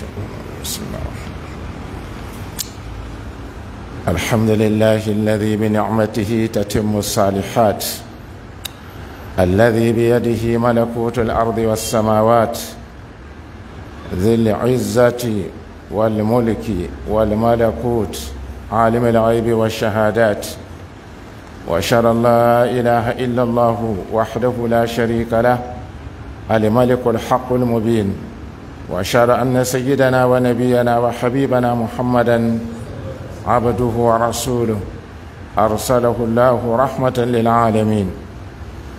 شاء الله بسم الله الحمد لله الذي بنعمته تتم الصالحات الذي بيده ملكوت الأرض والسماوات ذي العزة والملك والملكوت عالم الغيب والشهادات وأشهد أن لا إله إلا الله وحده لا شريك له الملك الحق المبين واشهد ان سيدنا ونبينا وحبيبنا محمدا عبده ورسوله ارسله الله رحمه للعالمين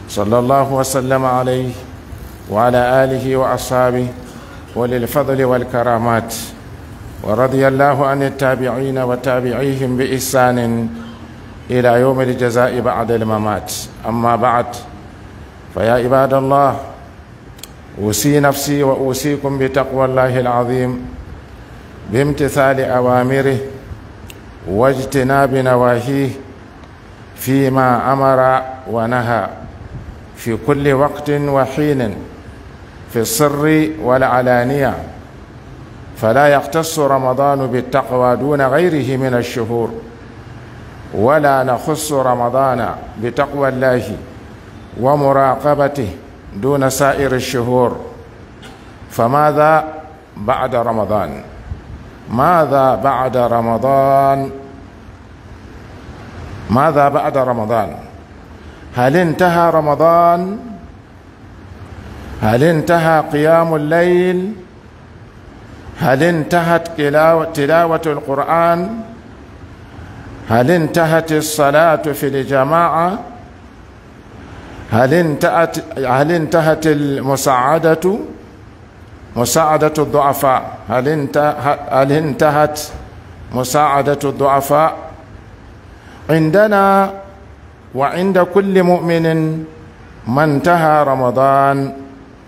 صلى الله وسلم عليه وعلى اله واصحابه وللفضل والكرامات ورضي الله عن التابعين وتابعيهم باحسان الى يوم الجزاء بعد الممات اما بعد فيا عباد الله أوصي نفسي وأوصيكم بتقوى الله العظيم بامتثال أوامره واجتناب نواهيه فيما أمر ونهى في كل وقت وحين في السر والعلانية فلا يختص رمضان بالتقوى دون غيره من الشهور ولا نخص رمضان بتقوى الله ومراقبته دون سائر الشهور فماذا بعد رمضان ماذا بعد رمضان ماذا بعد رمضان هل انتهى رمضان هل انتهى قيام الليل هل انتهت تلاوة القرآن هل انتهت الصلاة في الجماعة هل انتهت هل انتهت المساعدة مساعدة الضعفاء هل هل انتهت مساعدة الضعفاء عندنا وعند كل مؤمن ما انتهى رمضان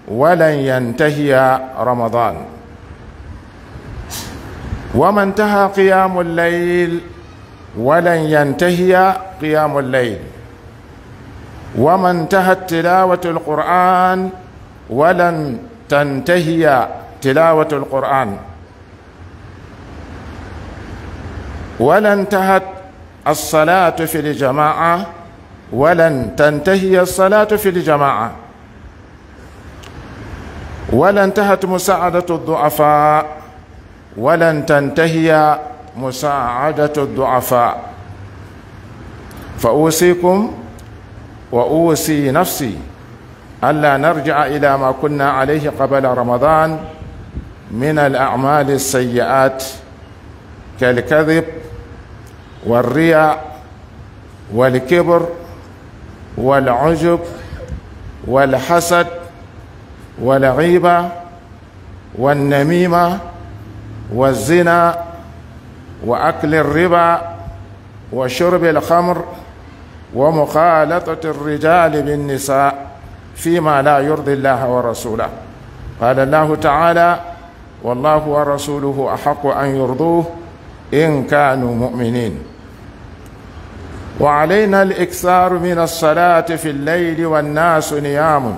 ولن ينتهي رمضان وما انتهى قيام الليل ولن ينتهي قيام الليل وما انتهت تلاوة القرآن ولن تنتهي تلاوة القرآن ولن انتهت الصلاة في الجماعة ولن تنتهي الصلاة في الجماعة ولن انتهت مساعدة الضعفاء ولن تنتهي مساعدة الضعفاء فأوصيكم واوصي نفسي الا نرجع الى ما كنا عليه قبل رمضان من الاعمال السيئات كالكذب والرياء والكبر والعجب والحسد والغيبه والنميمه والزنا واكل الربا وشرب الخمر ومخالطة الرجال بالنساء فيما لا يرضي الله ورسوله قال الله تعالى والله ورسوله أحق أن يرضوه إن كانوا مؤمنين وعلينا الإكثار من الصلاة في الليل والناس نيام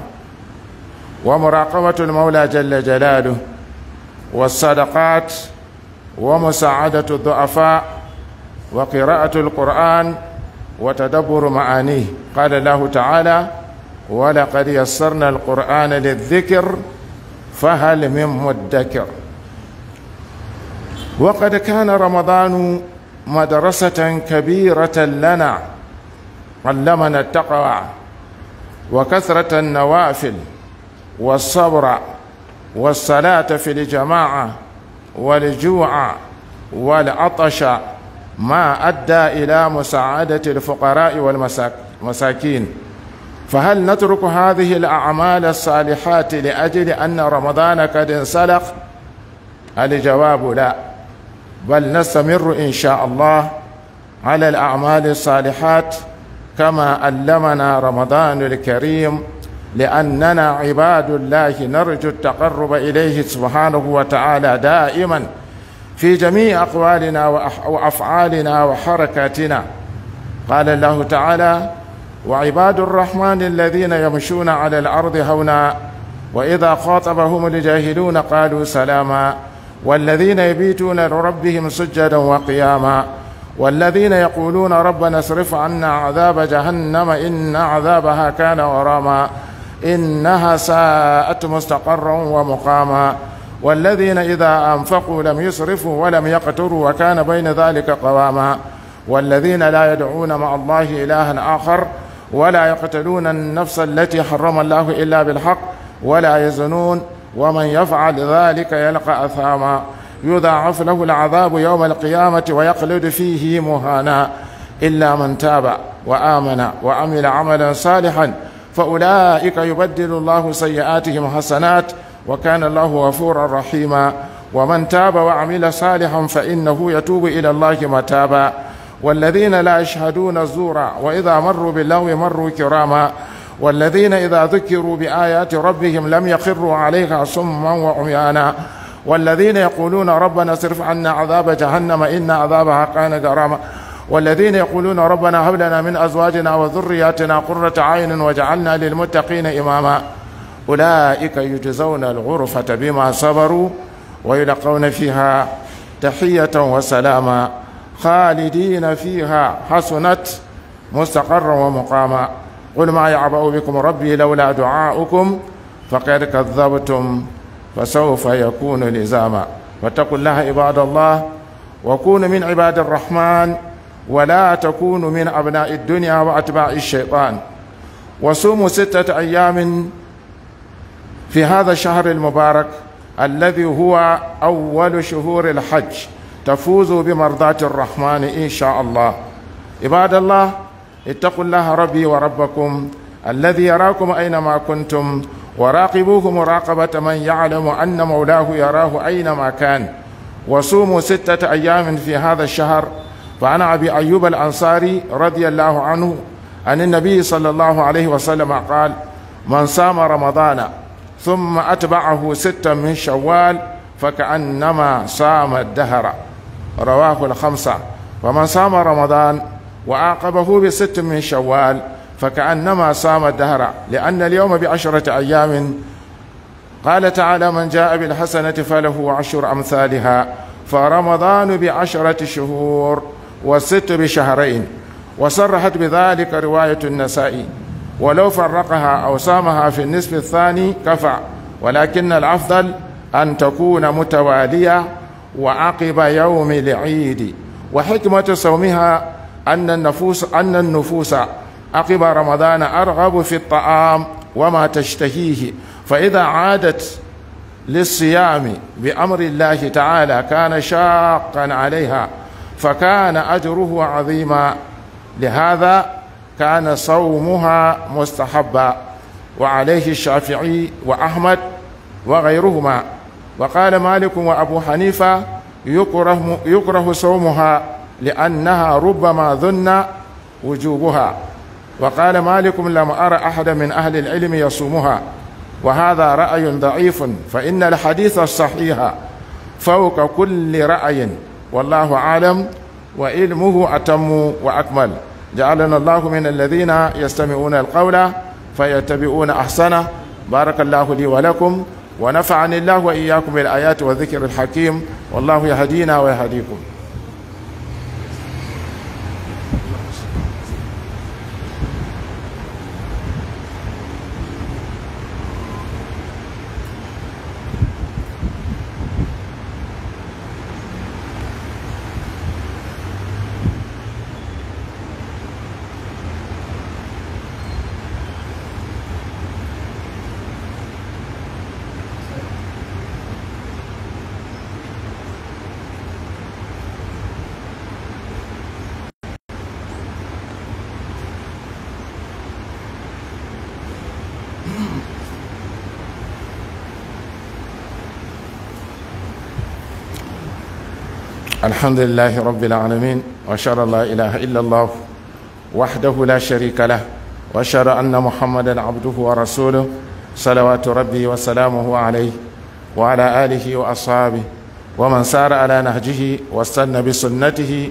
ومراقبة المولى جل جلاله والصدقات ومساعدة الضعفاء وقراءة القرآن وتدبر معانيه قال الله تعالى ولقد يسرنا القرآن للذكر فهل من مدكر وقد كان رمضان مدرسة كبيرة لنا علمنا التقوى وكثرة النوافل والصبر والصلاة في الجماعة والجوع والعطش ما أدى إلى مساعدة الفقراء والمساكين فهل نترك هذه الأعمال الصالحات لأجل أن رمضان قد انسلق الجواب لا بل نستمر إن شاء الله على الأعمال الصالحات كما علمنا رمضان الكريم لأننا عباد الله نرجو التقرب إليه سبحانه وتعالى دائماً في جميع أقوالنا وأفعالنا وحركاتنا قال الله تعالى وعباد الرحمن الذين يمشون على الأرض هونا وإذا خاطبهم الجاهلون قالوا سلاما والذين يبيتون لربهم سجدا وقياما والذين يقولون ربنا اصرف عنا عذاب جهنم إن عذابها كان غراما إنها ساءت مستقرا ومقاما والذين إذا أنفقوا لم يسرفوا ولم يقتروا وكان بين ذلك قواما والذين لا يدعون مع الله إلها آخر ولا يقتلون النفس التي حرم الله إلا بالحق ولا يزنون ومن يفعل ذلك يلقى أثاما يضاعف له العذاب يوم القيامة ويقلد فيه مهانا إلا من تاب وآمن وعمل عملا صالحا فأولئك يبدل الله سيئاتهم حسنات وكان الله غفورا رحيما ومن تاب وعمل صالحا فإنه يتوب إلى الله متابا والذين لا يشهدون الزور وإذا مروا باللغو مروا كراما والذين إذا ذكروا بآيات ربهم لم يخروا عليها صما وعميانا والذين يقولون ربنا اصرف عنا عذاب جهنم إن عذابها كان غراما والذين يقولون ربنا هب لنا من أزواجنا وذرياتنا قرة عين وجعلنا للمتقين إماما أولئك يجزون الغرفة بما صبروا ويلقون فيها تحية وسلاما خالدين فيها حسنت مستقرا ومقاما قل ما يعبأ بكم ربي لولا دعاؤكم فقد كذبتم فسوف يكون لزاما فاتقوا الله عباد الله وكونوا من عباد الرحمن ولا تكونوا من أبناء الدنيا وأتباع الشيطان وصوموا ستة أيام في هذا الشهر المبارك الذي هو أول شهور الحج تفوزوا بمرضاة الرحمن إن شاء الله عباد الله اتقوا الله ربي وربكم الذي يراكم أينما كنتم وراقبوه مراقبة من يعلم أن مولاه يراه أينما كان وصوموا ستة أيام في هذا الشهر فعن أبي أيوب الأنصاري رضي الله عنه عن النبي صلى الله عليه وسلم قال من صام رمضان ثم أتبعه ستة من شوال فكأنما صام الدهر رواه الخمسة ومن صام رمضان وعاقبه بست من شوال فكأنما صام الدهر لأن اليوم بعشرة أيام قال تعالى من جاء بالحسنة فله عشر أمثالها فرمضان بعشرة شهور والست بشهرين وصرحت بذلك رواية النسائي ولو فرقها أو صامها في النصف الثاني كفى ولكن الأفضل أن تكون متوالية وعقب يوم العيد وحكمة صومها أن النفوس أن النفوس عقب رمضان أرغب في الطعام وما تشتهيه فإذا عادت للصيام بأمر الله تعالى كان شاقا عليها فكان أجره عظيما لهذا كان صومها مستحبا وعليه الشافعي وأحمد وغيرهما وقال مالك وأبو حنيفة يكره, يكره صومها لأنها ربما ظن وجوبها وقال مالك لم أرى أحدا من أهل العلم يصومها وهذا رأي ضعيف فإن الحديث الصحيح فوق كل رأي والله أعلم وعلمه أتم وأكمل جعلنا الله من الذين يستمعون القول فيتبعون أحسنه بارك الله لي ولكم ونفعني الله وإياكم بالآيات والذكر الحكيم والله يهدينا ويهديكم الحمد لله رب العالمين وأشهد أن لا إله إلا الله وحده لا شريك له وأشهد أن محمدا عبده ورسوله صلوات ربي وسلامه عليه وعلى آله وأصحابه ومن سار على نهجه واستنى بسنته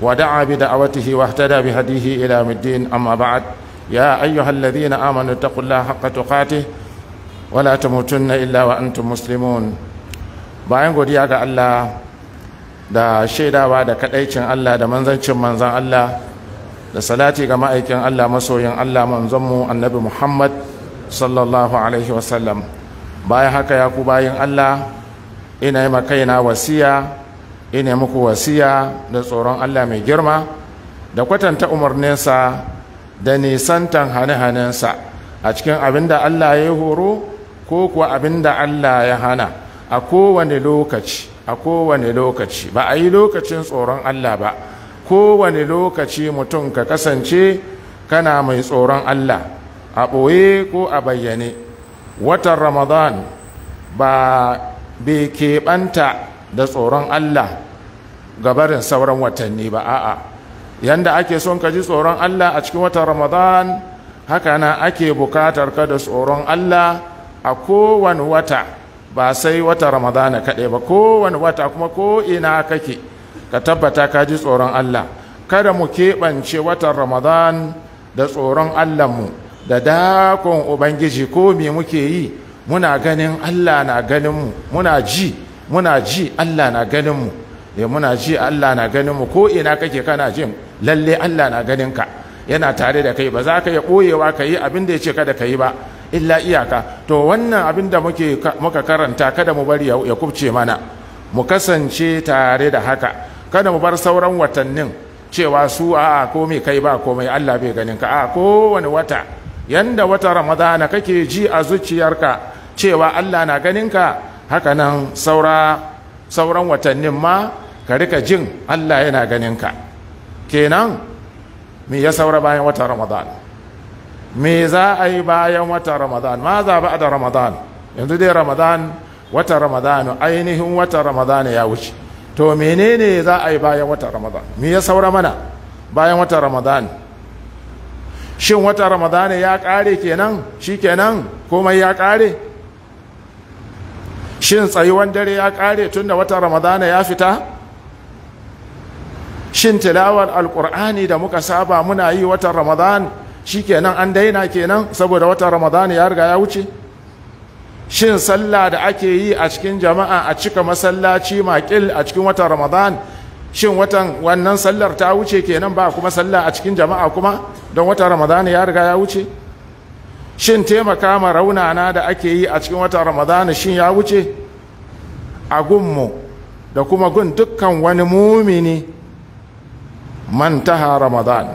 ودعا بدعوته واهتدى بهديه إلى الدين أما بعد يا أيها الذين آمنوا اتقوا الله حق تقاته ولا تموتن إلا وأنتم مسلمون bayan godiya ga Allah da shaidawa da kadaicin Allah da manzancin manzan Allah da salati ga ma'aikin Allah masoyin Allah manzanmu annabi Muhammad sallallahu alaihi wasallam bayan haka ya ku bayin Allah ina yi makaina wasiya ina muku wasiya da tsoron Allah mai girma da kwatanta umarninsa da nisantan hane-hanensa a cikin abin da Allah ya yi horo ko kuwa abin da Allah ya hana a kowane lokaci a kowane lokaci ba a yi lokacin tsoron Allah ba kowane lokaci mutum ka kasance kana mai tsoron Allah a ɓoye ko a bayyane watan ramadan ba bai keɓanta da tsoron Allah gabarin sauran watanni ba a'a yanda ake son ka ji tsoron Allah a cikin watan ramadan haka na ake bukatar ka da tsoron Allah a kowane wata ba sai wata ramadana kaɗai ba kowane wata kuma ko ina kake ka tabbata ka ji tsoron allah kada mu keɓance watan ramadan da tsoron mu da dakon ubangiji ko me muke yi muna ganin allah na ganinmu muna ji muna ji allah na ganinmu e muna ji allah na ganinmu ko ina kake kana jin lalle allah na ganin ka? yana tare da kai ba za ka iya ɓoyewa ka yi abin da ya ce kada ka yi ba illa iyaka to wannan abin da muka karanta kada mu bari ya kubce mana mu kasance tare da haka kada mu bar sauran watannin cewa su a komai kai ba komai Allah bai ganin ka a kowane wata yanda wata ramadana kake ji a zuciyarka cewa Allah na ganin ka haka nan sauran watannin ma ka rika jin Allah yana ganin ka kenan me ya saura bayan wata ramadana me za a yi bayan wata ramadan ma za ba da ramadan yanzu dai ramadan wata ramadan ainihin wata ramadan ya wuce to menene za a yi bayan wata ramadan me ya saura mana bayan wata ramadan shin wata ramadan ya kare kenan shikenan komai ya kare shin tsayuwan dare ya kare tunda wata ramadan ya fita shin tilawar alkur'ani da muka saba muna yi watan ramadan shikenan an daina kenan saboda watan ramadani ya riga ya wuce shin sallah da ake yi a cikin jama'a a cika masallaci makil a cikin watan ramadan shin watan wannan sallar ta wuce kenan ba kuma sallah a cikin jama'a kuma don watan ramadani ya riga ya wuce shin taimaka ma raunana da ake yi a cikin watan ramadani shin ya wuce a gunmu da kuma gun dukkan wani mumini mantaha taha ramadan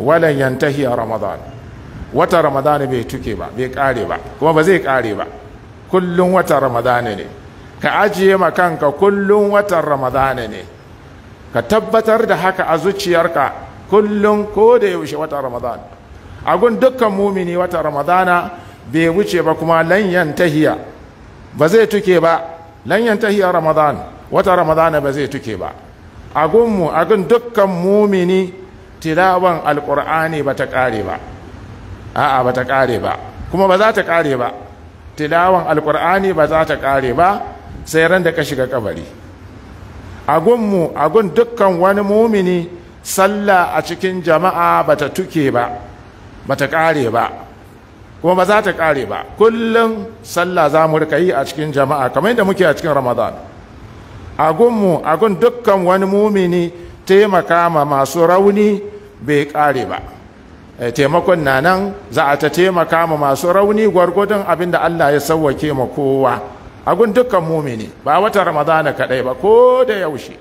walan yantahi a ramadan wata ramadan bai tuke ba bai kare ba kuma ba zai kare ba kullum wata ramadan ne ka ajiye ma kanka kullum watan ramadan ne ka tabbatar da haka a zuciyarka kullum ko da yaushe wata ramadan Agun dukkan mumini wata ramadana bai wuce ba kuma lanyan tahiya ba zai tuke ba lanyan tahiya ramadan wata ramadana ba zai tuke ba Agunmu agun dukkan mumini tilawan alkur'ani ba ta ƙare ba a'a ba ta ƙare ba kuma ba za ta ƙare ba tilawan alkur'ani ba za ta ƙare ba sai ran da ka shiga kabari a agun dukkan wani mumini sallah a cikin jama'a ba ta tuke ba ba ta ƙare ba kuma ba za ta ƙare ba kullum sallah za mu rika yi a cikin jama'a kamar yadda muke a cikin ramadan a agun dukkan wani mumini taimaka ma masu rauni bai kare ba eh, taimakon na nan za a ta taimaka ma masu rauni gwargwadon abinda Allah ya sauwake ma kowa agun dukkan mumini ba wata ramadana kadai ba ko da yaushe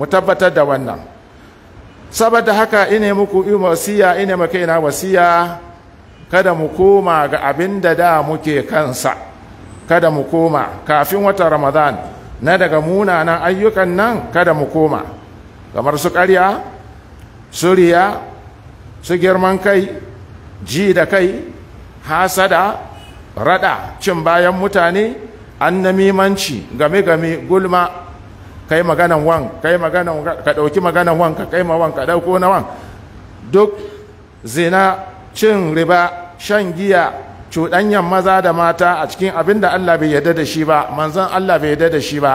mu tabbatar da wannan saboda haka ine muku wasiya ine maka ina wasiya kada mu koma ga abin da da muke kansa kada mu koma kafin wata ramadan na daga munanan ayyukan nan kada mu koma kamar su karya su riya su girman kai ji da kai hasada rada cin bayan mutane annamimanci game-game gulma kai maganan wan kai maganan ka ɗauki maganan wan ka kai ma wan ka ɗauko na wan duk zina cin riba shan giya cuɗanyan maza da mata a cikin abin da Allah bai yarda da shi ba manzon Allah bai yarda da shi ba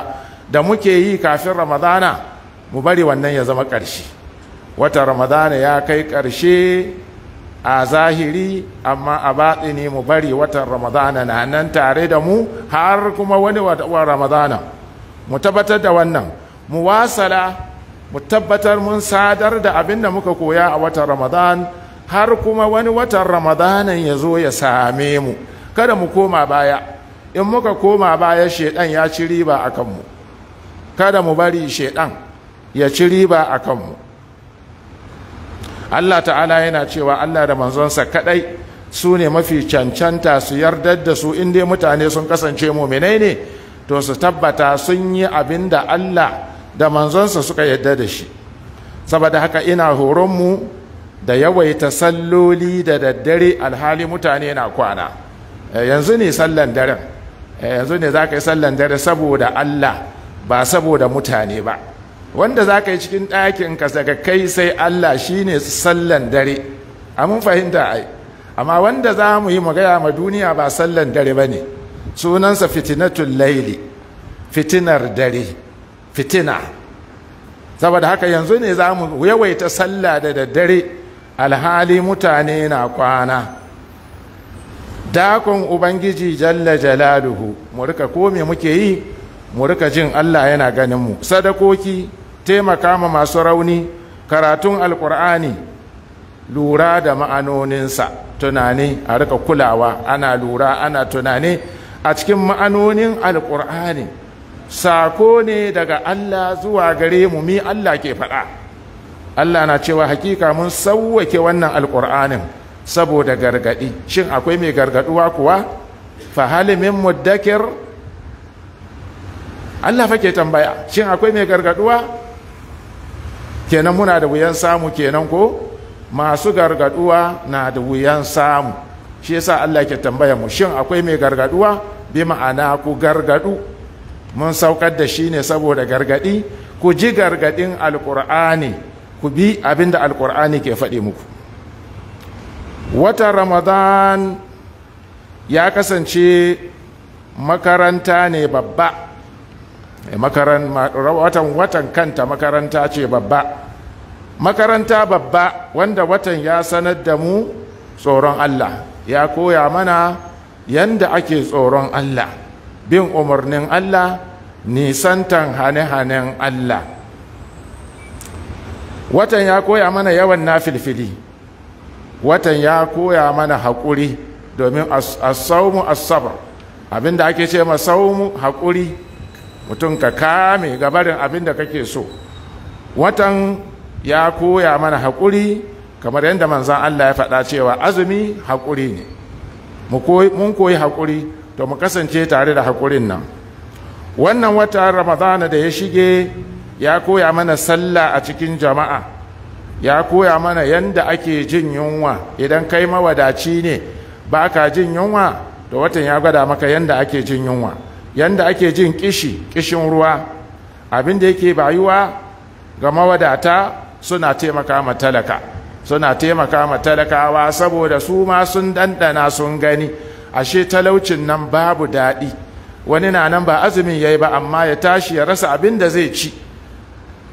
da muke yi kafin Ramadana mu bari wannan ya zama ƙarshe wata ramadana ya kai ƙarshe a zahiri amma a ne mu bari watan ramadana na nan tare da mu har kuma wani wa ramadana mu tabbatar da wannan mu wasala mu tabbatar mun sadar da abin da muka koya a watan ramadan har kuma wani watan ramadanan ya zo ya same mu kada mu koma baya in muka koma baya shaidan ya ci riba a kanmu kada mu bari shaidan ya ci riba a kanmu Allah ta'ala yana cewa Allah da manzonsa kadai su ne mafi cancanta su yarda da su inda mutane sun kasance muminai ne to su tabbata sun yi abin da Allah da manzonsa suka yarda da shi saboda haka ina horonmu da yawaita salloli da daddare alhali mutane na kwana eh, yanzu ne sallan daren eh, yanzu ne za ka yi sallan dare saboda Allah ba saboda mutane ba wanda za ka yi cikin ɗakinka daga kai sai Allah shi ne sallan dare a mun fahimta ai amma wanda za mu yi magaya ma duniya ba sallan dare ba ne sunansa fitinatul laili fitinar dare fitina saboda haka yanzu ne za mu yawaita sallah da daddare alhali mutane na kwana dakon ubangiji jalla jalaluhu mu rika ko me muke yi mu rika jin Allah yana ganin mu sadakoki taimaka ma masu rauni karatun alkur'ani lura da ma'anoninsa tunani a rika kulawa ana lura ana tunani a cikin ma'anonin alkur'ani sako ne daga allah zuwa gare mu mi allah ke faɗa allah na cewa hakika mun sauwake wannan alkur'anin saboda gargaɗi shin akwai mai gargaɗuwa kuwa fahalimin muddakir Allah fa ke tambaya shin akwai mai gargaduwa kenan muna da wuyan samu kenan ko masu gargaduwa na da wuyan samu shi yasa Allah ke tambaya mu shin akwai mai gargaduwa bi ma'ana ku gargadu mun saukar da shi ne saboda gargadi ku ji gargadin alkur'ani ku bi abinda alkur'ani ke faɗi muku wata ramadan ya kasance makaranta ne babba eh, watan watan kanta makaranta ce babba makaranta babba wanda watan ya sanar da mu tsoron Allah ya koya mana yanda ake tsoron Allah bin umarnin Allah nisantan hane-hanen Allah watan ya koya mana yawan nafilfili watan ya koya mana haƙuri domin asaumu asabar abinda ake ce masaumu haƙuri mutum ka kame gabarin abinda kake so watan ya koya mana haƙuri kamar yadda manzan Allah ya faɗa cewa azumi haƙuri ne mun koyi haƙuri to mu kasance tare da haƙurin nan wannan wata ramadana da ya shige ya koya mana sallah a cikin jama'a ya koya mana yadda ake jin yunwa idan kai mawadaci ne ba ka jin yunwa to watan ya gwada maka yadda ake jin yunwa yadda ake jin kishi kishin ruwa abin da yake bayuwa ga mawadata suna taimaka ma talaka suna taimaka ma talakawa saboda su ma sun dandana sun gani ashe talaucin nan babu daɗi wani na nan ba azumin yayi ba amma ya tashi ya rasa abin da zai ci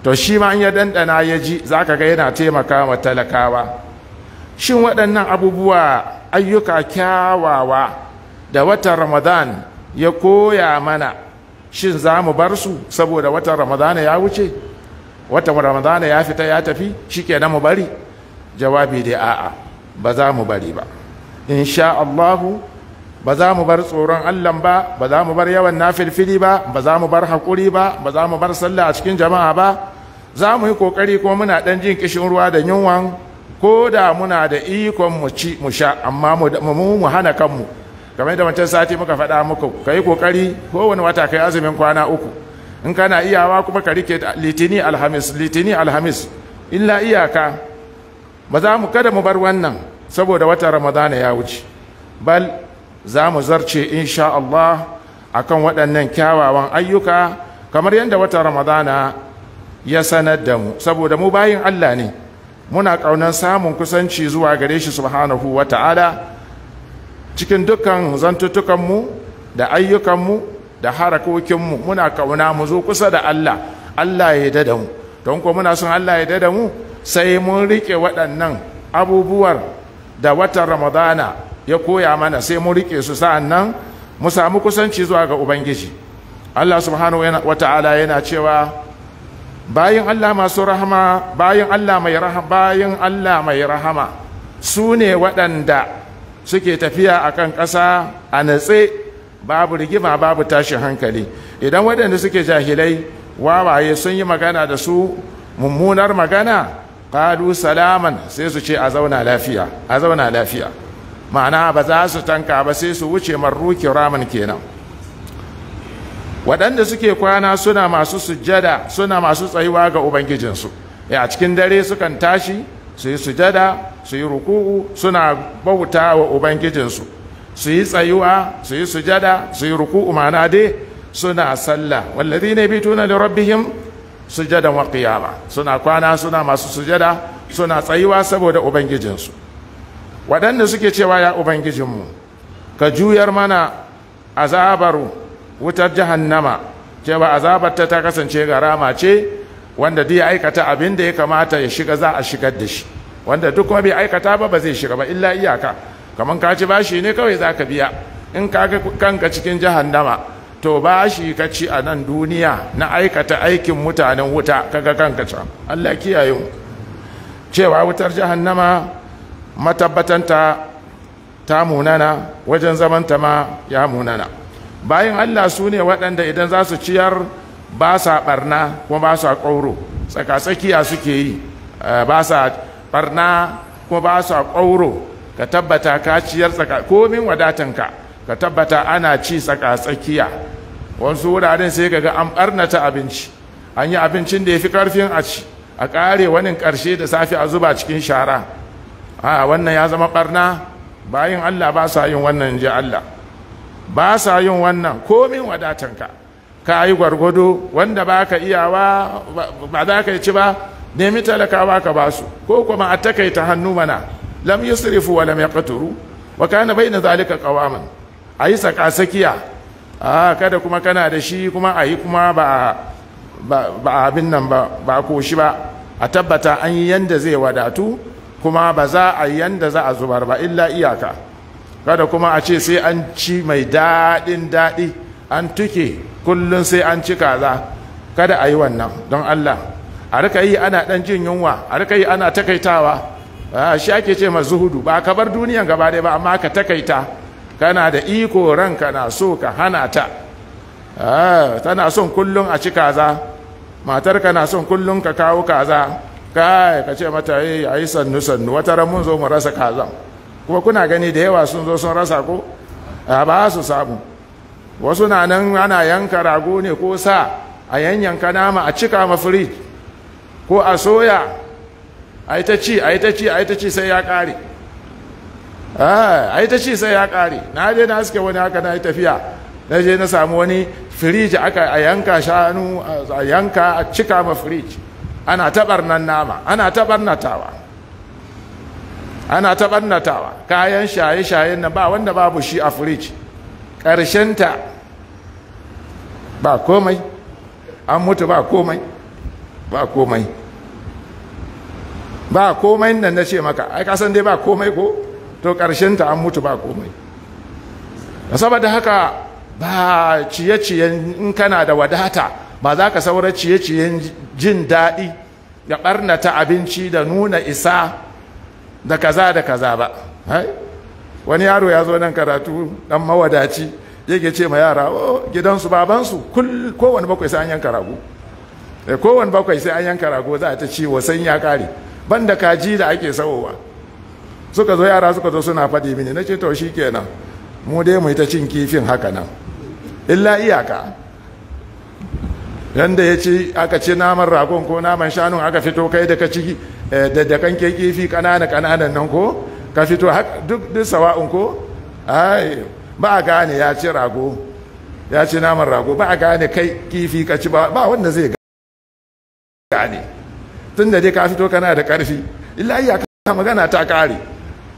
to shi ma in ya dandana ya ji zaka ga yana taimaka ma talakawa shin waɗannan abubuwa ayyuka kyawawa da watan ramadan ya koya mana shin za mu bar su saboda watan ramadana ya wuce watan ramadana ya fita ya tafi shi na mu bari jawabi dai a'a ba za mu bari ba insha Allahu ba za mu bar tsoron Allah ba ba za mu bar yawan nafilfili ba ba za mu bar hakuri ba ba za mu bar sallah a cikin jama'a ba za mu yi kokari kuma muna ɗan jin kishin ruwa da yunwan ko da muna da ikon mu ci mu sha amma mu mu hana kanmu kamar da wancan sati muka faɗa muku kai kokari kowane wata kai azumin kwana uku in kana iyawa kuma ka rike litini alhamis litini alhamis illa iyaka ba za mu kada mu bar wannan saboda wata ramadana ya wuce bal za mu zarce insha Allah akan waɗannan kyawawan ayyuka kamar yadda wata ramadana ya sanar da mu saboda mu bayin Allah ne muna ƙaunar samun kusanci zuwa gare shi subhanahu wa ta'ala cikin dukkan zantuttukanmu da ayyukanmu da harakokinmu muna kauna mu zo kusa da Allah Allah ya dada mu don ko muna son Allah ya dada mu sai mun rike waɗannan abubuwar da watan Ramadana ya koya mana sai mun rike su sa'annan mu samu kusanci zuwa ga Ubangiji Allah subhanahu wa ta'ala yana cewa bayin Allah masu rahama bayin Allah mai rahama bayin Allah mai rahama su ne waɗanda suke tafiya akan ƙasa a natse babu rigima babu tashin hankali idan waɗanda suke jahilai wawaye sun yi magana da su mummunar magana ƙadu salaman sai su ce a zauna lafiya a zauna lafiya ma'ana ba za su tanka ba sai su wuce marruki ramin kenan waɗanda suke kwana suna masu sujada, suna masu tsayuwa ga ubangijinsu eh, a cikin dare sukan tashi su yi sujada su yi ruku'u suna bauta wa ubangijinsu su yi tsayuwa su yi sujada su yi ruku'u umana dai suna sallah bi tuna li rabbihim sujadan wa qiyama suna kwana suna masu sujada suna tsayuwa saboda ubangijinsu waɗanda suke cewa ya ubangijinmu ka juyar mana azabar wutar jahannama cewa azabar ta ta kasance garama ce wanda duk ya aikata abin da ya kamata ya shiga za a shigar da shi wanda duk kuma bai aikata ba ba zai shiga ba illa iyaka kamar ka ci bashi ne kawai za ka biya in ka ga kanka cikin jahannama to bashi ka ci a nan duniya na aikata aikin mutanen wuta kaga kanka can Allah kiyaye mu cewa wutar jahannama matabbatanta ta munana wajen zamanta ma ya munana bayan Allah su ne waɗanda idan za su ciyar ba sa ɓarna kuma ba sa ƙauro tsakatsakiya suke yi eh, ba sa ɓarna kuma ba sa ƙauro ka tabbata ka ciyar tsaka komin wadatanka ka tabbata ana ci tsaka tsakiya wasu wuraren sai kaga an barnata abinci an yi abincin da ya fi karfin a ci a kare wani karshe da safe a zuba cikin shara a wannan ya zama barna bayan Allah ba sa yin wannan ji Allah ba sa yin wannan komin wadatanka ka yi gwargwado wanda ba ka iyawa ba za ka yi ci ba nemi talakawa ka ba su ko kuma a takaita hannu mana lam yusrifu wa lam yaqturu wa kana bayna zalika qawaman ayi saka sakiya a kada kuma kana da shi kuma ayi kuma ba ba abin nan ba ba ko shi ba a tabbata an yi yanda zai wadatu kuma ba za a yi yanda za a zubar ba illa iyaka kada kuma a ce sai an ci mai daɗin daɗi an tuke kullum sai an ci kaza kada a yi wannan don Allah a rika yi ana ɗan jin yunwa a rika yi ana takaitawa Ah, shi ake ce ma zuhudu ba ka bar duniyan gaba ɗaya ba amma ka takaita kana da iko ranka na so ka hana ta ah, tana son kullum a ci kaza matar ka na son kullum ka kawo kaza kai ka ce mata yi eh, a yi sannu sannu wata ran mun zo mu rasa kazan kuma kuna gani da yawa sun zo sun rasa ko A ba su samu wasu na nan ana yanka rago ne ko sa a yanyanka nama a cika ma firij ko a soya a ta ci a ta ci a ta ci sai ya ƙare a ah, ta ci sai ya kare na je na haske wani haka na yi tafiya na je na samu wani firiji aka a yanka shanu a yanka a cika ma firiji ana nan nama ana natawa ana natawa kayan shaye-shayen na ba wanda babu shi a firiji ta ba komai an mutu ba komai ba komai ba komai nan na ce maka ai kasan dai ba komai ko to karshen ta an mutu ba komai saboda haka ba ciye-ciyen in kana da wadata ba za ka saura ciye-ciyen jin daɗi ga ɓarnata abinci da nuna isa da kaza da kaza ba wani yaro ya zo nan karatu ɗan mawadaci yake ce ma yara oh, gidansu babansu kowane bakwai sai an yanka rago eh, kowane bakwai sai an yanka rago za a ta ciwo sai ya kare Banda kaji da ake sawowa suka zo yara suka zo suna faɗi mini na ce to shi kenan mu dai mu yi ta cin kifin haka nan illa iyaka yanda ya ci aka ci naman ragon ko naman shanun aka fito kai da ka ci eh, da da kanke kifi kanana kananan nan ko ka fito duk duk sawa'un ko ai ba a gane ya ci rago ya ci naman rago ba a gane kai kifi ka ci ba wanda zai gane tun da dai ka fito kana da ƙarfi illa iya ka magana ta ƙare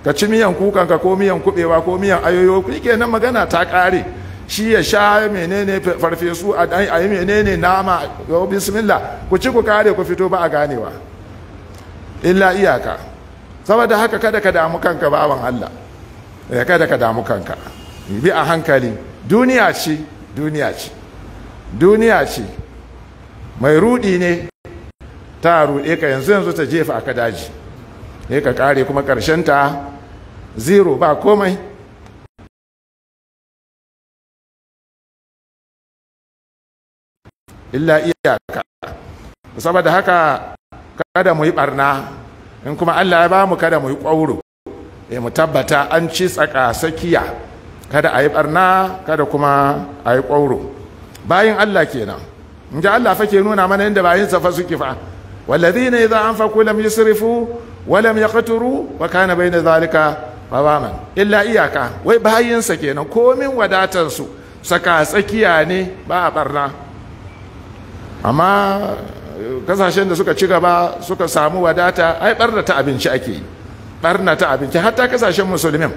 ka ci miyan kukan ka ko miyan kuɓewa ko miyan ayoyo kenan magana ta ƙare shi ya sha menene farfesu a yi menene nama bismillah ku ci ku ƙare ku fito ba a ganewa illa iyaka saboda haka kada ka damu kanka bawan Allah ya eh, kada ka damu kanka bi a hankali duniya ce duniya ce duniya ce mai rudi ne ta ruɗe ka yanzu yanzu ta jefa aka daji ne ka kare kuma ta zero ba komai illa iyaka saboda haka kada mu yi barna in kuma Allah ya ba mu kada mu yi ƙwauro e mu tabbata an ci tsaka sakiya kada a yi barna kada kuma a yi ƙwauro bayin Allah kenan in ji Allah fa ke nuna mana inda bayin fa suke fa والذين إذا أنفقوا لم يسرفوا ولم يقتروا وكان بين ذلك قواما إلا إياك وبهاين سكينا كومين وداتنسو سكا سكياني با برنا amma kasashen da suka ci gaba suka samu wadata ai barna ta abinci ake yi barna ta abinci hatta kasashen musulmin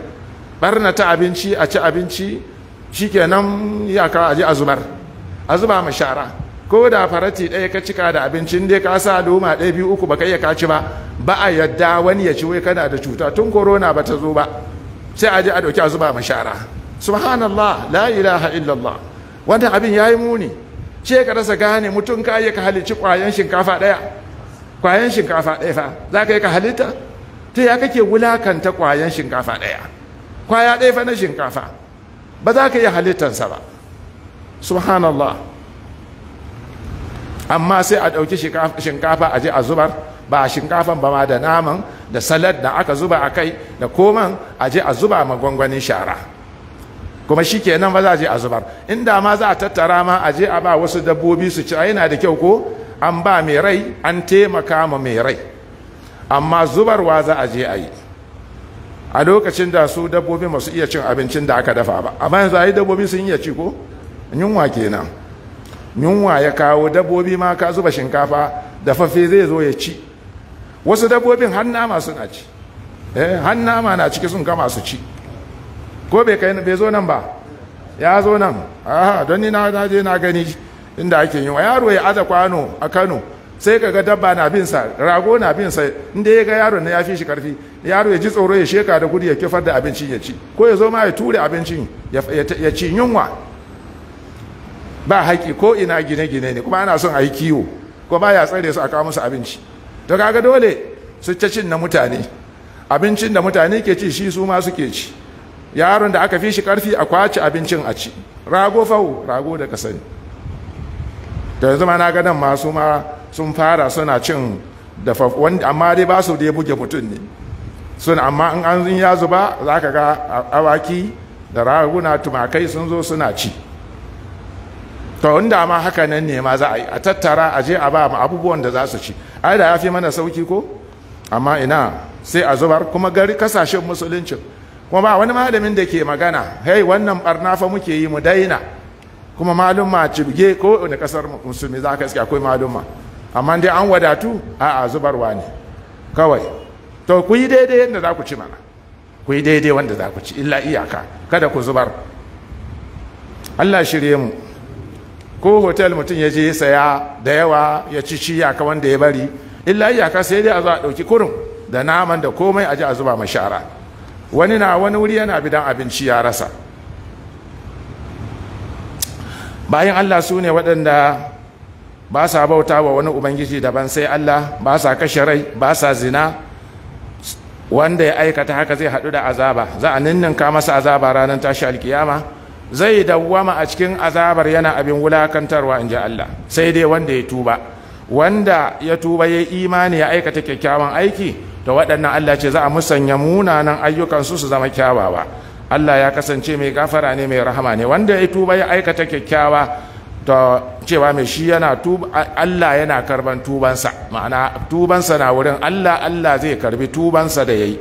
barna ta abinci a ci abinci shikenan iyaka a ji a zubar a zuba mashara ko da farati ɗaya ka cika da abincin dai ka sa doma ɗaya biyu uku baka ya kaci ba ba a yadda wani ya ci wai kana da cuta tun korona ba ta zo ba sai a je a ɗauki a zuba mashara subhanallah la ilaha illallah wannan abin ya yi muni ce ka rasa gane mutum ka yi ka halicci kwayan shinkafa ɗaya kwayan shinkafa ɗaya fa za ka yi ka halitta ta ya kake wulakanta kwayan shinkafa ɗaya kwaya ɗaya fa na shinkafa ba za ka yi halittansa ba subhanallah amma sai a ɗauki shinkafa a je a zubar ba shinkafan ba ma da naman da salad da aka zuba a kai da koman a je a zuba ma gwangwanin shara kuma shi kenan ba za a je a zubar inda ma za a tattara ma a je a ba wasu dabbobi su ci yana da kyau ko an ba mai rai an taimaka ma mai rai amma zubarwa za a je a yi a lokacin da su dabbobi masu iya cin abincin da aka dafa ba amma yanzu a yi dabbobi sun iya ci ko yunwa kenan yunwa ya kawo dabbobi ma ka zuba shinkafa da fafe zai zo ya ci wasu dabbobin har nama suna ci eh har nama na ciki sun kama su ci ko bai kai bai zo nan ba ya zo nan aha don ni na je na gani inda ake yunwa yaro ya aza kwano a Kano sai kaga dabba na bin sa rago na bin sa inda ya ga yaro na ya fi shi karfi yaro ya ji tsoro ya sheka da gudu ya kifar da abincin ya ci ko ya zo ma ya tura abincin ya ci yunwa ba haƙi ko ina gine-gine ne kuma ana son a yi kiwo ko ba ya tsare su a kawo musu abinci to kaga dole su cin na mutane abincin da mutane ke ci shi su ma suke ci yaron da aka fi shi karfi a kwace abincin a ci rago fahu rago da ka sani to yanzu ma na ga nan ma su ma sun fara suna cin da amma dai ba su dai buge mutum ne sun amma in an ya zuba za ka ga awaki da raguna tumakai sun zo suna ci to inda ma haka nan ne ma za a yi a tattara a je a ba mu abubuwan da za su ci ai da ya fi mana sauki ko amma ina sai a zubar kuma gari kasashen musulunci kuma ba wani malamin da ke magana hei wannan barna fa muke yi mu daina kuma malumma cibge ko wani kasar musulmi za ka iske akwai malumma amma dai an wadatu a a zubarwa ne kawai to ku yi daidai yadda za ku ci mana ku yi daidai wanda za ku ci illa iyaka kada ku zubar Allah shirye mu ko hotel mutum ya je saya da yawa ya ci shi yaka wanda ya bari illa iyaka sai dai a zo a ɗauki kurum da naman da komai a ji a zuba ma shara wani na wani wuri yana bidan abinci ya rasa bayan allah su ne waɗanda ba sa bauta wa wani ubangiji daban sai allah ba sa kashe rai ba sa zina wanda ya aikata haka zai haɗu da azaba za a ninninka masa azaba ranar tashi alkiyama zai dawwama a cikin azabar yana abin wulakantarwa in ji Allah sai dai wanda ya tuba wanda ya tuba ya imani ya aikata kyakkyawan aiki da waɗannan Allah ce za a musanya munanan ayyukan su su zama kyawawa Allah ya kasance mai gafara ne mai rahama ne wanda ya tuba ya aikata kyakkyawa to cewa mai shi yana tuba Allah yana karban tubansa ma'ana tubansa na wurin Allah Allah zai karbi tubansa da yayi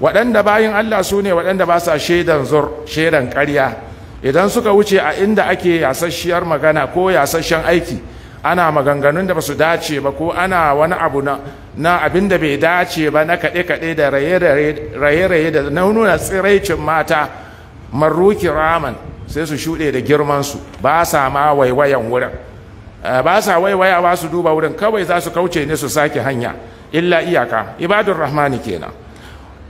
waɗanda bayin Allah su ne waɗanda ba sa shaidan zur shaidan ƙarya idan suka wuce a inda ake yasasshiyar magana ko yasasshen aiki ana maganganun da ba su dace ba ko ana wani abu na abin da bai dace ba na kaɗe-kaɗe da raye-raye da nuna tsiraicin mata marruki raman sai su shuɗe da girmansu ba sa ma waiwayan wurin eh, ba sa waiwaya ba su duba wurin kawai za su kauce ne su sake hanya illa iyaka ibadun rahmani kenan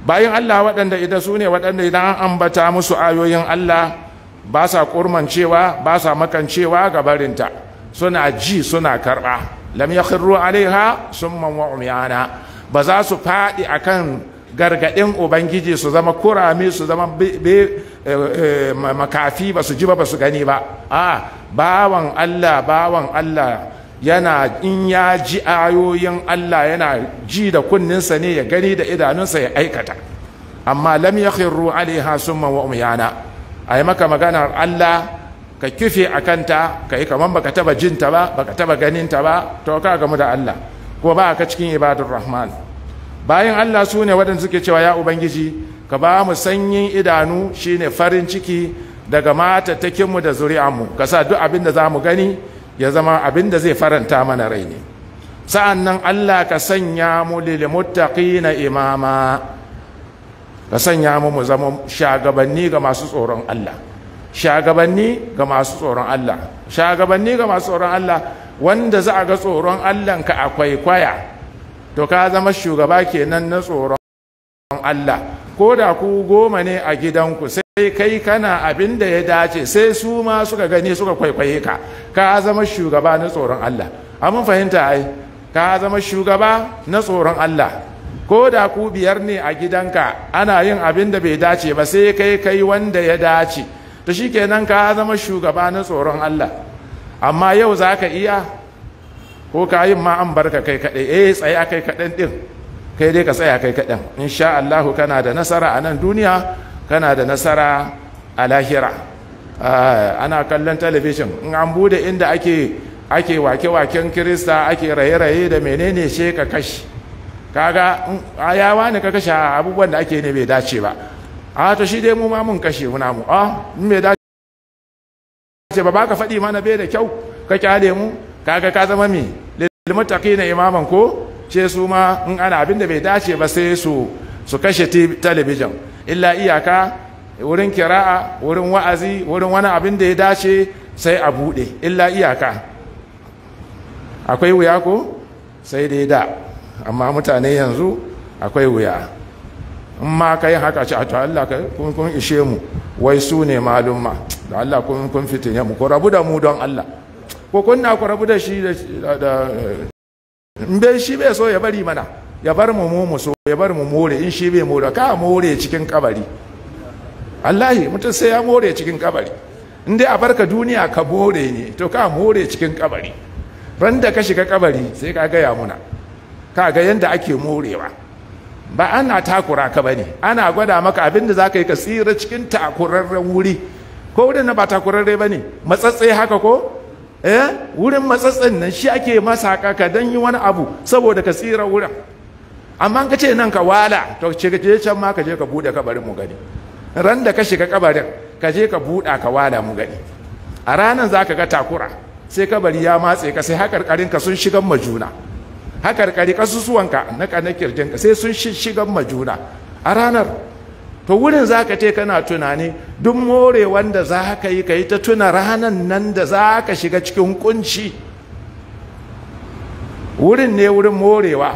bayan allah waɗanda idan su ne waɗanda idan an ambata musu ayoyin allah ba sa kurmancewa ba sa makancewa ga barinta suna ji suna karɓa lam yakhru alaiha summan wa umyana ba za su faɗi akan gargaɗin ubangiji su zama kurame su zama eh, eh, makafi ba su ji ba su gani ba a bawan Allah bawan Allah yana in ya ji ayoyin Allah yana ji da kunninsa ne ya gani da idanunsa ya aikata amma lam yakhru alaiha summan wa umyana a yi maka maganar Allah ka kife a kanta ka yi kamar baka taba jinta ba baka taba ganinta ba to ka gamu da Allah ko ba ka cikin ibadun rahman bayan Allah su ne waɗanda suke cewa ya ubangiji ka ba mu sanyin idanu shine farin ciki daga mata takinmu da zuri'anmu ka sa duk abin da za mu gani ya zama abin da zai faranta mana rai ne sa'an Allah ka sanya mu lil muttaqina imama ka sanya mu mu zama shagabanni ga masu tsoron Allah shagabanni ga masu tsoron Allah shagabanni ga masu tsoron Allah wanda za a ga tsoron Allah ka akwai kwaya to ka zama shugaba kenan na tsoron Allah ko da ku goma ne a gidanku sai kai kana abin da ya dace sai su ma suka gani suka kwaikwaye ka ka zama shugaba na tsoron Allah amma fahimta ai ka zama shugaba na tsoron Allah ko da ku biyar ne a gidanka ana yin abin da bai dace ba sai kai kai wanda ya dace to shikenan ka zama shugaba na tsoron Allah amma yau za ka iya ko ka yin ma an barka kai kaɗai eh tsaya kai kaɗan ɗin kai dai ka tsaya kai kaɗan insha kana da nasara a nan duniya kana da nasara a lahira ah, ana kallon talabijin in an buɗe inda ake wake-waken kirista ake raye-raye da menene she ka kashi kaga ah, ya wani ka kashe ah, abubuwan da ake ne bai dace ba a ah, to shi dai mu ma mun kashe muna mu ah mun bai dace ba baka faɗi mana bai da kyau ka kyale mu kaga ka zama mi lil muttaqina imaman ko ce su ma in ana abin da bai dace ba sai su su kashe talabijin illa iyaka wurin kira'a wurin wa'azi wurin wani abin da ya dace sai a buɗe illa iyaka akwai wuya ko sai dai da amma mutane yanzu akwai wuya in ma ka yi haka ce a to Allah kun kun ishe mu wai su ne malumma da Allah kun kun fitine mu ko rabu da mu don Allah ko kun na ku rabu da shi da eh, in bai shi bai so ya bari mana ya bar mu mu so ya bar mu more in shi bai more ka more cikin kabari Allahi mutum sai ya more cikin kabari in dai a barka duniya ka more ne to ka more cikin kabari ran da ka shiga kabari sai ka gaya muna kaga yadda ake morewa ba ana takura ka bane ana gwada maka abin da zaka yi ka tsira cikin takurarren wuri ko wurin na ba takurarre bane matsatse haka ko eh wurin matsatsen nan shi ake masa ka dan yi wani abu saboda ka tsira wurin amma ka ce nan ka wala to ce je can ma ka je ka bude kabarin mu gani ran da ka shiga kabarin ka je ka buda ka wala mu gani a ranan zaka ga takura sai kabari ya matse ka sai hakarkarin ka sun shigan majuna juna hakarkari kasusuwanka na kanar kirjinka sai sun shigan majuna a ranar to wurin za ka ce kana tunani duk more wanda za ka yi ka yi ta tuna ranar nan da za ka shiga cikin kunci wurin ne wurin morewa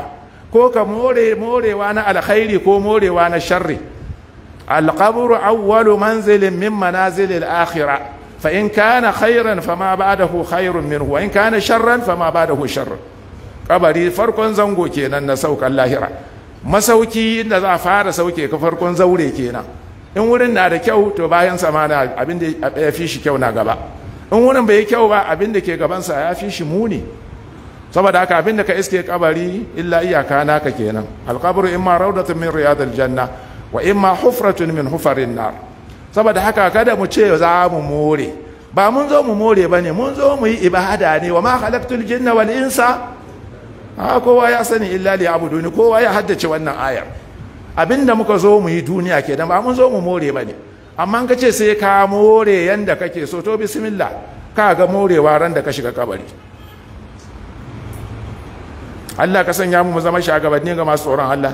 ko ka more morewa na alkhairi ko morewa na sharri alqabru awwalu manzilin min manazilil Akhira. fa in kana khairan fama ba'dahu khairun minhu wa in kana sharran fama ba'dahu sharrun kabari farkon zango kenan na saukan lahira masauki da za a fara sauke ka farkon zaure kenan in wurin na da kyau to bayan sama na abin da ya fi shi kyau na gaba in wurin bai yi kyau ba abin da ke gabansa ya fi shi muni saboda haka abin da ka iske kabari illa iyaka naka kenan alqabru imma rawdatun min riyadil janna wa imma hufratun min hufarin nar saboda haka kada mu ce za mu more ba mun zo mu more bane mun zo mu yi ibada ne wa ma khalaqtul jinna wal insa a kowa ya sani illa abu duni, kowa ya haddace wannan ayar abinda muka zo mu yi duniya kenan ba mun zo mu more ba ne amma ka ce sai ka more yanda kake so to bismillah ka ga morewa ran da ka shiga kabari Allah ka sanya mu zama shagabanni ga masu tsoron Allah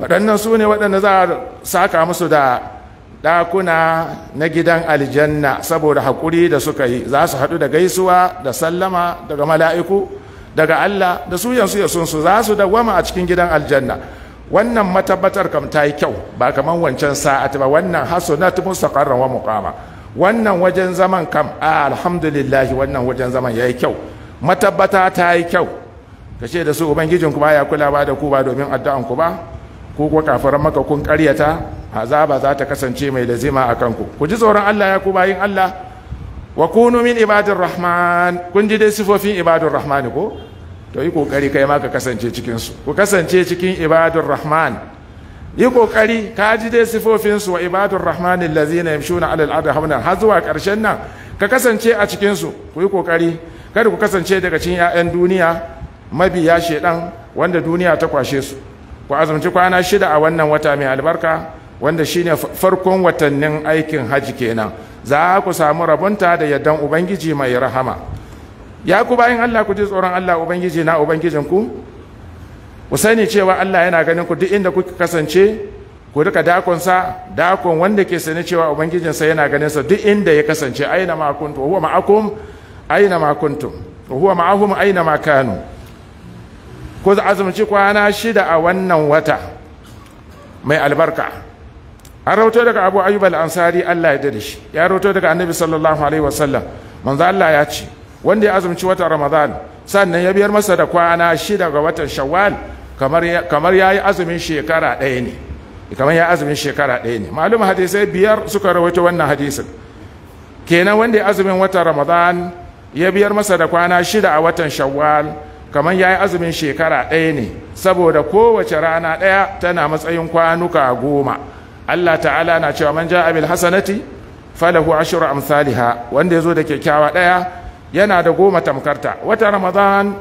waɗannan su ne waɗanda za a saka musu da ɗakuna na gidan aljanna saboda haƙuri da suka yi za su haɗu da gaisuwa da sallama daga mala'iku daga Allah da su yansu ya sun su za su dawwama a cikin gidan aljanna wannan matabbatar kam ta yi kyau ba kamar wancan sa'at ba wannan hasunat mustaqarran wa muqama wannan wajen zaman kam a alhamdulillah wannan wajen zaman yayi kyau matabbata ta yi kyau kace da su ubangijin ku baya kulawa da ku ba domin addu'an ku ba ku ko maka kun karyata azaba za ta kasance mai lazima a kanku. ku ji tsoron Allah ya ku bayin Allah wa kunu min ibadir rahman kun ji dai sifofin ibadur rahman ko to yi kokari kai ma ka kasance cikin su ku kasance cikin ibadur rahman yi kokari ka ji dai sifofin su wa ibadur rahman allazina yamshuna al-ard hawna har zuwa karshen nan ka kasance a cikin su ku yi kokari kada ku kasance daga cikin 'ya'yan duniya mabiya shedan wanda duniya ta kwashe su ku azumci kwana shida a wannan wata mai albarka wanda shine farkon watannin aikin haji kenan za ku samu rabonta da yardan ubangiji mai rahama ya ku bayan Allah ku ji tsoron Allah ubangiji na ubangijin ku ku sani cewa Allah yana ganin ku duk inda kuka kasance ku duka dakonsa dakon wanda ke sani cewa ubangijinsa yana ganinsa. sa duk inda ya kasance aina ma huwa ma'akum aina ma kuntum huwa ma'ahum aina ma ku azumci kwana shida a wannan wata mai albarka an rauto daga abu ayyub al-ansari Allah ya da shi ya rauto daga annabi sallallahu alaihi wasallam manzo Allah ya ce wanda ya azumci watan ramadan sannan ya biyar masa da kwana shida ga watan shawwal kamar kamar yayi azumin shekara ɗaya ne kamar ya azumin shekara ɗaya ne malum hadisai biyar suka rawaito wannan hadisin kenan wanda ya azumin watan ramadan ya biyar masa da kwana shida a watan shawwal kamar ya yi azumin shekara ɗaya ne saboda kowace rana ɗaya tana matsayin kwanuka goma Allah ta'ala na cewa man ja'a bil hasanati falahu ashru amsalha wanda yazo da kyakkyawa daya yana da goma tamkarta wata ramadan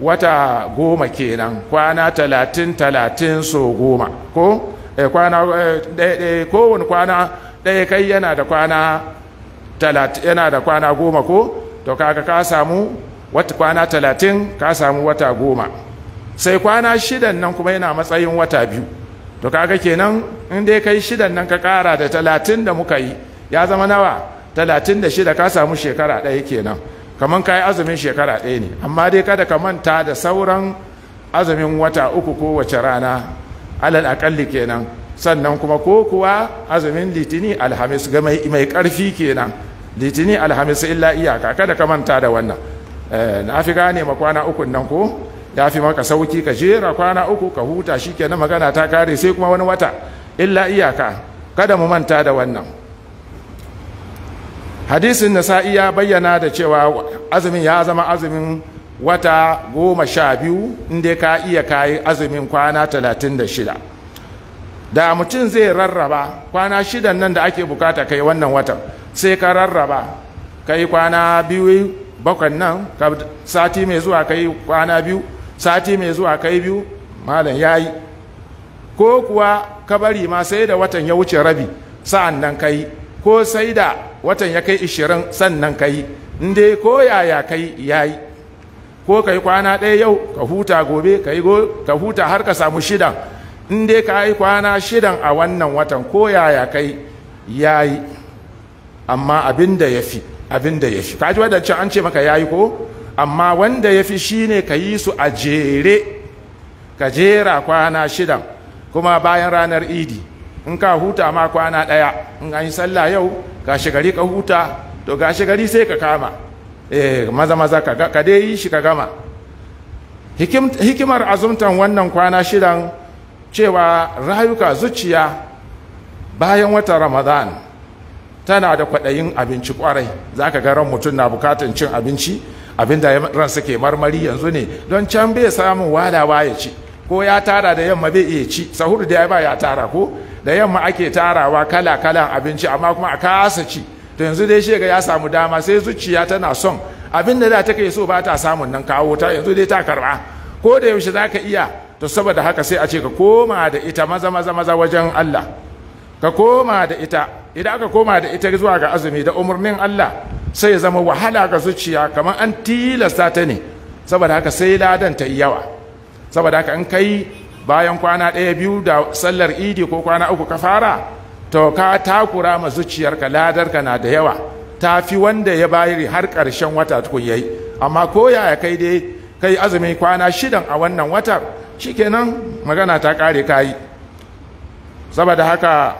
wata goma kenan kwana talatin talatin so goma ko eh, kwana eh, wani kwana ɗaya kai yana da kwana talatin yana da kwana goma ko to kaga ka samu wata kwana talatin ka samu wata goma sai kwana shidan nan kuma yana matsayin wata biyu to kaga kenan in dai kai shidan nan ka kara da talatin da muka yi ya zama nawa talatin da shida ka samu shekara ɗaya kenan kamar ka yi azumin shekara ɗaya ne amma dai kada ka manta da sauran azumin wata uku kowace rana alal aƙalli kenan sannan kuma ko kuwa azumin litini alhamis ga mai ƙarfi kenan litini alhamis illa iyaka kada ka manta da wannan eh, na fi gane makwana ukun nan ko ya fi maka sauki ka jera kwana uku ka huta shi kenan magana ta kare sai kuma wani wata illa iyaka kada mu manta da wannan hadisin nasa'i ya bayyana da cewa azumin ya zama azumin wata goma sha biyu inda ka iya kayi azumin kwana talatin da shida da mutum zai rarraba kwana shidan nan da ake bukata kai wannan watan sai ka rarraba kai kwana biyu bakwan nan sati mai zuwa kai kwana biyu sati mai zuwa kai biyu malam ya yi ko kuwa ka bari ma sai da watan ya wuce rabi sa'an nan ka yi ko sai da watan ya kai ishirin sannan ka yi inda ko yaya kai ya yi ko ka yi kwana ɗaya yau ka huta gobe ka huta har ka samu shidan inda ka yi kwana shidan a wannan watan ko yaya kai ya yi amma abin da ya fi abin da ya fi kaji wadancan an ce maka ya yi ko amma wanda ya fi shi ne ka yi su a jere ka jera kwana shidan kuma bayan ranar idi in ka huta ma kwana ɗaya in an yi sallah yau ga shigari ka huta to ga shigari sai ka kama eh, maza maza ka dai yi shi ka gama hikimar azumtan wannan kwana shidan cewa rayuka zuciya bayan wata ramadan tana da kwaɗayin abinci kwarai za ka ga ran mutum na bukatan cin abinci abinda ransa ke marmari yanzu ne don can bai samun walawa ya ci ko ya tara da yamma bai iya ci sahur da ya ba ya tara ko da yamma ake tarawa kala kalan abinci amma kuma a kasa ci to yanzu dai shiga ya samu dama sai zuciya tana son abin da da take so ba ta samun nan kawo ta yanzu dai ta karba ko da yaushe za ka iya to saboda haka sai a ce ka koma da ita maza maza maza wajen Allah ka koma da ita idan aka koma da ita zuwa ga azumi da umarnin Allah sai ya zama wahala ga zuciya kamar an tilasta ta ne saboda haka sai ladan ta yi yawa saboda haka in kai bayan kwana ɗaya biyu da sallar idi ko kwana uku ka fara to ka takura ma zuciyarka ladarka na da yawa ta fi wanda ya bayar har ƙarshen wata tukun yayi amma ko yaya kai dai kai azumi kwana shidan a wannan watar shikenan magana ta ƙare ka yi saboda haka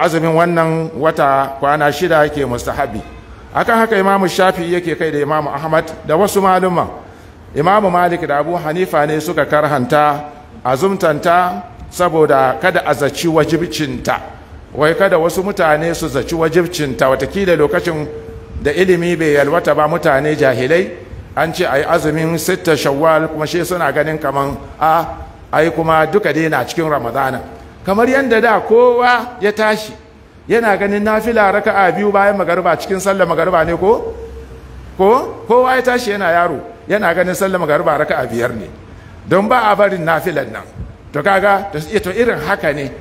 azumin wannan wata kwana shida ke mustahabi akan haka imamu shafi yake kai da imamu ahmad da wasu maluma imamu malik da abu hanifa ne suka karhanta azumtanta saboda kada a zaci wajibcinta wai kada wasu mutane su zaci wajibcinta watakila lokacin da ilimi bai yalwata ba mutane jahilai an ce a yi azumin sitta shawwal kuma shi suna ganin kamar a ai kuma duka dai na cikin ramadana kamar yadda da kowa ya tashi yana ganin nafila raka'a biyu bayan magariba cikin sallar magariba ne ko ko kowa ya tashi yana yaro yana ganin sallar magariba raka'a biyar ne don ba a barin nafilan nan to kaga to irin haka ne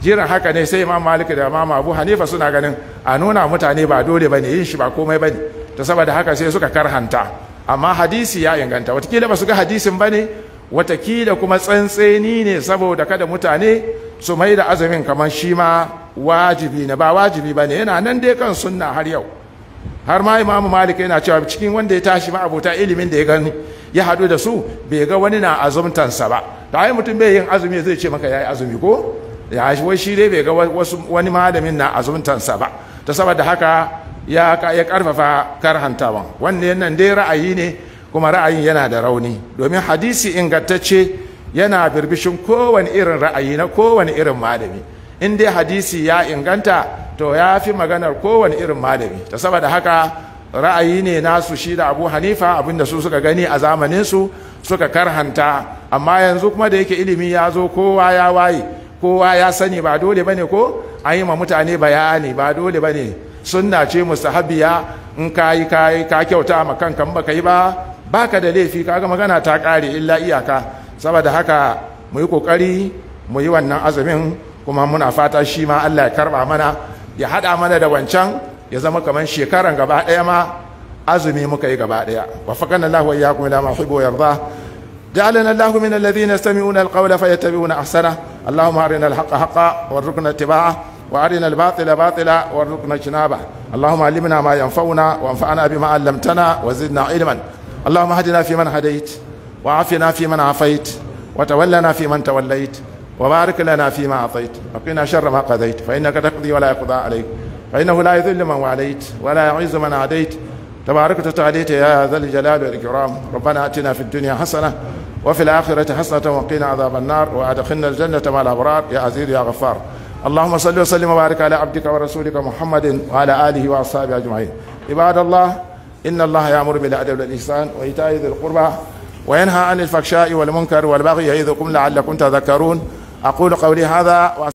jiran haka ne sai imam malik da imam abu hanifa suna ganin a nuna mutane ba dole bane yin shi ba komai bane to saboda haka sai suka karhanta amma hadisi ya inganta watakila ba su ga hadisin bane watakila kuma tsantseni ne saboda kada mutane su mai da azumin kamar shi ma wajibi ne ba wajibi ba ne yana nan dai kan sunna har yau har ma imamu malik yana cewa cikin wanda ya tashi ma abota ilimin da ya gani ya hadu da su bai ga wani na azumtansa ba ta ai mutum bai yin azumi zai ce maka ya yi azumi ko ya wai shi dai bai ga wasu wani malamin na azumtansa ba ta saboda haka ya ya karfafa karhantawan wannan nan dai ra'ayi ne kuma ra'ayin yana da rauni domin hadisi ingantacce yana birbishin kowane irin ra'ayi na kowane irin malami in dai hadisi ya inganta to ya fi maganar kowane irin malami ta saboda haka ra'ayi ne nasu shi da abu hanifa abinda su suka gani a zamaninsu suka karhanta amma yanzu kuma da yake ilimi ya zo kowa ya waye kowa ya sani ba dole ba ne ko an yi ma mutane bayani ba dole ba ne sunna ce mustahabiya in ka yi ka kyauta ma kanka ba yi ba Ba ka da laifi kaga magana ta kare illa iyaka saboda haka mu yi kokari mu yi wannan azumin kuma muna fata shi ma Allah ya karba mana ya hada mana da wancan ya zama kamar shekaran gaba daya ma azumi muka yi gaba daya wafaqana Allah wa iyyakum ila ma yuhibbu wa yarda جعلنا الله من الذين يستمعون القول فيتبعون احسنه اللهم ارنا الحق حقا وارزقنا اتباعه وارنا الباطل باطلا وارزقنا اجتنابه اللهم علمنا ما ينفعنا وانفعنا بما علمتنا وزدنا علما اللهم اهدنا فيمن هديت وعافنا فيمن عافيت وتولنا فيمن توليت وبارك لنا فيما أعطيت وقنا شر ما قضيت فإنك تقضي ولا يقضى عليك فإنه لا يذل من واليت ولا يعز من عاديت تبارك وتعاليت يا ذا الجلال والإكرام ربنا أتنا في الدنيا حسنة وفي الآخرة حسنة وقنا عذاب النار وأدخلنا الجنة مع الأبرار يا عزيز يا غفار اللهم صل وسلم وبارك على عبدك ورسولك محمد وعلى آله وأصحابه أجمعين عباد الله إن الله يأمر بالعدل والإحسان وإيتاء ذي القربى وينهى عن الفحشاء والمنكر والبغي يعظكم لعلكم تذكرون أقول قولي هذا